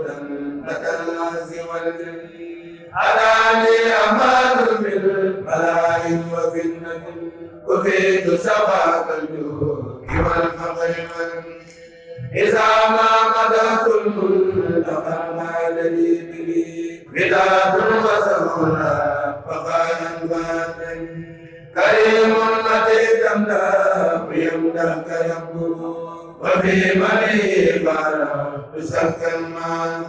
صوتا لك العز والجليل أناني أمان بالبلاء وفي الندم وفيت شفاة الجود والفقر من إذا ما مدى كل لقد مال لي بلي بداد وسهولا فقال الباطن كريم أتيت أملاك يمدك يمدك وفي مريم بسكن مان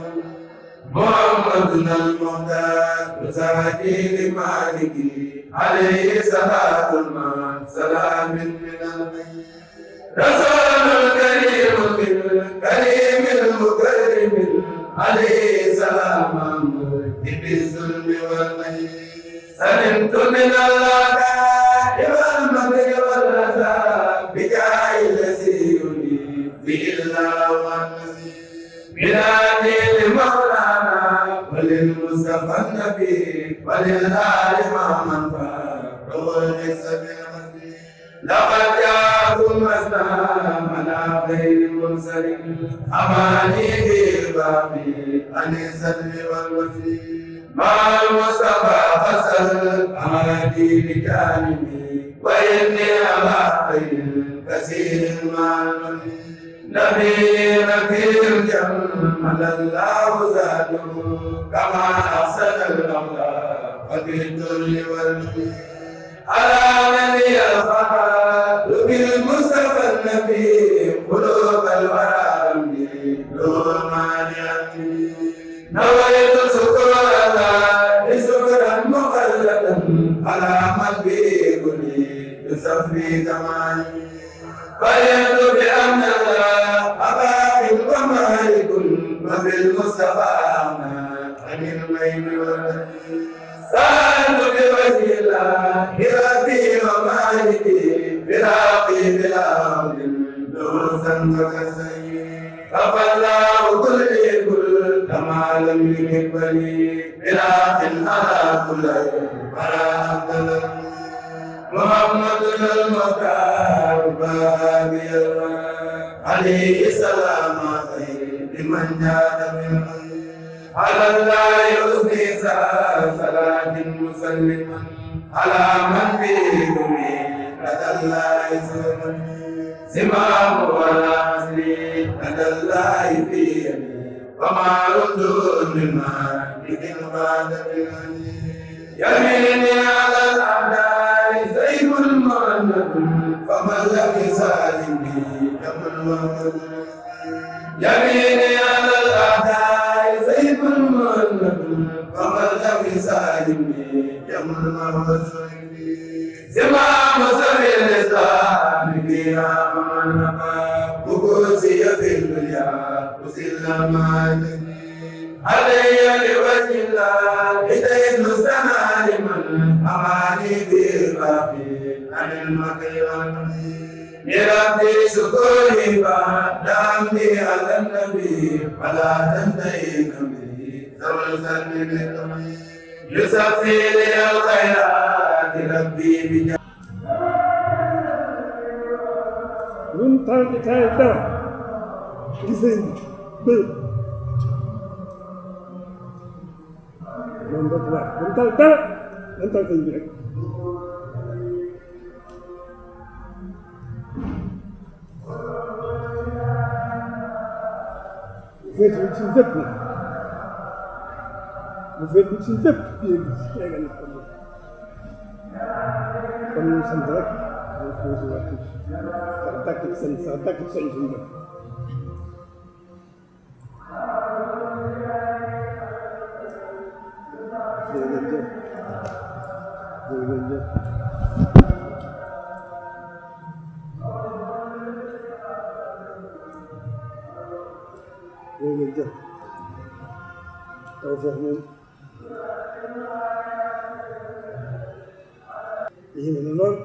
محمدنا المهدى سعدي لمالك عليه صلاة الماء سلام من رسول الكريم الكريم المكرم عليه سلام بالظلم والغي سلمت من الله والمغرب إلا والنذير بلادي لمولانا وللمصطفى النبي وللآل ما من وليس بالمزيد لقد جاءكم مسلم على غير مرسل أماني بالباب عن السلم والوفي مع المصطفى فسل أماني بكامل وإني على خير كثير مع النبي نبي نبي الجمل الله زاده كما أحسن الأخلاق وبالذل والمن على من يلقى بالمصطفى النبي قلوب الورى دون مانع نويت شكرا لشكرا مخلدا على من به كل يصفي زماني فليبدو بأمن الله أباح ومالك وبالمصطفى أما عن الميم والمجيد سألت بوجه الله ربي ومالكي براقي بلا أمر دوسا وكسيد ففلاه كل كل كما لم يكن بلا حين أرى كل براءة محمد المختار بابي عليه السلام لمن جاد من على الله يثني صلاة مسلما على من به لدى الله سلم سماه وناصري لدى الله في وما رد لما بك بعد يميني المعنى فمن لبس مني دم ومن يميني على الأعداء سيف المعنى فمن لبس مني دم ومن زمام سبي الإسلام فيها فمن وكوسي في الدنيا وسلم علي لوجه الله إليه سنا لمن أماني بالباقي عن المقيم برب سكوني بعد عمي على النبي فلا تنتهي نبي ذو الفن بالنبي يصفي لي الخيرات ربي بجاه ñun taal bi taal dara gis nañ bëri moom dootul waat ñun taal dara ñun taal sëñ bi rek. wéetal ci fépp nag mu wéetal ci fépp yéeg yéegal ko kon ñu sant rek ñu sant rek sax dàkk sañ sax dàkk sañ suñu bopp ngeen jëf Tawfekh moom yéeme na lool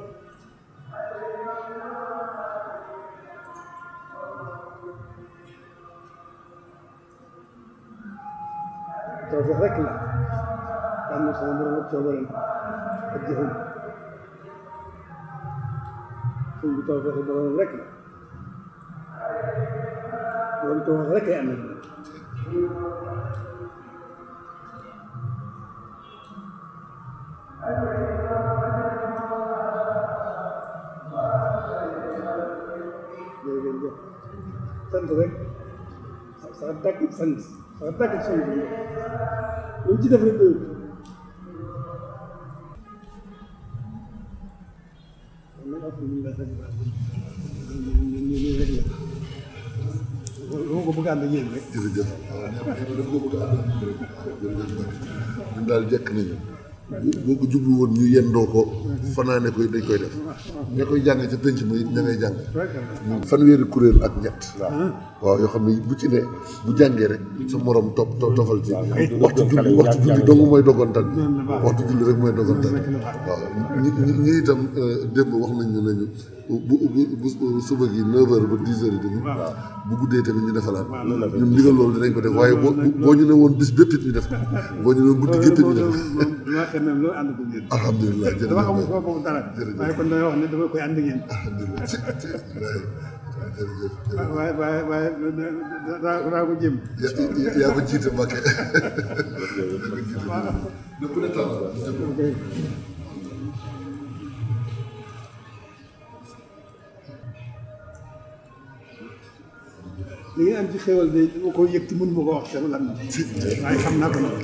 Tawfekh rek la am na sama borom ak coobareem ak jëfam suñ bi Tawfekh borom rek la loolu tawar rek ay amee sant rek sax dàkk sant sax dàkk sant bi luñ ci def rek doyul kon nag alhamdulilah ànd ak yéen rek. Ah, jërëjëf waaw daal jekk nañu. boo ko jublu woon ñu yendoo ko. fanaane koy dañ koy def. nga ah. koy jàng ca tënc ma it ña ngay jàng. fanweeri kuréel ak ñett. Ah. waaw yoo xam ne bu ci ne bu jàngee rek sa morom topp tofal ci waxtu julli waxtu julli dong mooy doggantal bi waxtu julli rek mooy doggantal bi waaw ñu ñu itam démb wax nañ ñu nañu bu bu suba gi neuf heures ba dix heures yi demi bu guddee tamit ñu defalaat ñun ndigal loolu dinañ ko def waaye boo boo ñu ne woon bis béppit ñu def ko boo ñu ne woon guddi géppit ñu def ko alhamdulilah jërëjëf dama xamul foofu dara waaye wax ne dama koy ànd waaye waaye waaye daa ko jëm. yaa ko jiite Mbacke. li ngeen am ci xéwal de ma ko yëg ci mën ma ko wax te lan la waaye xam naa ko nag.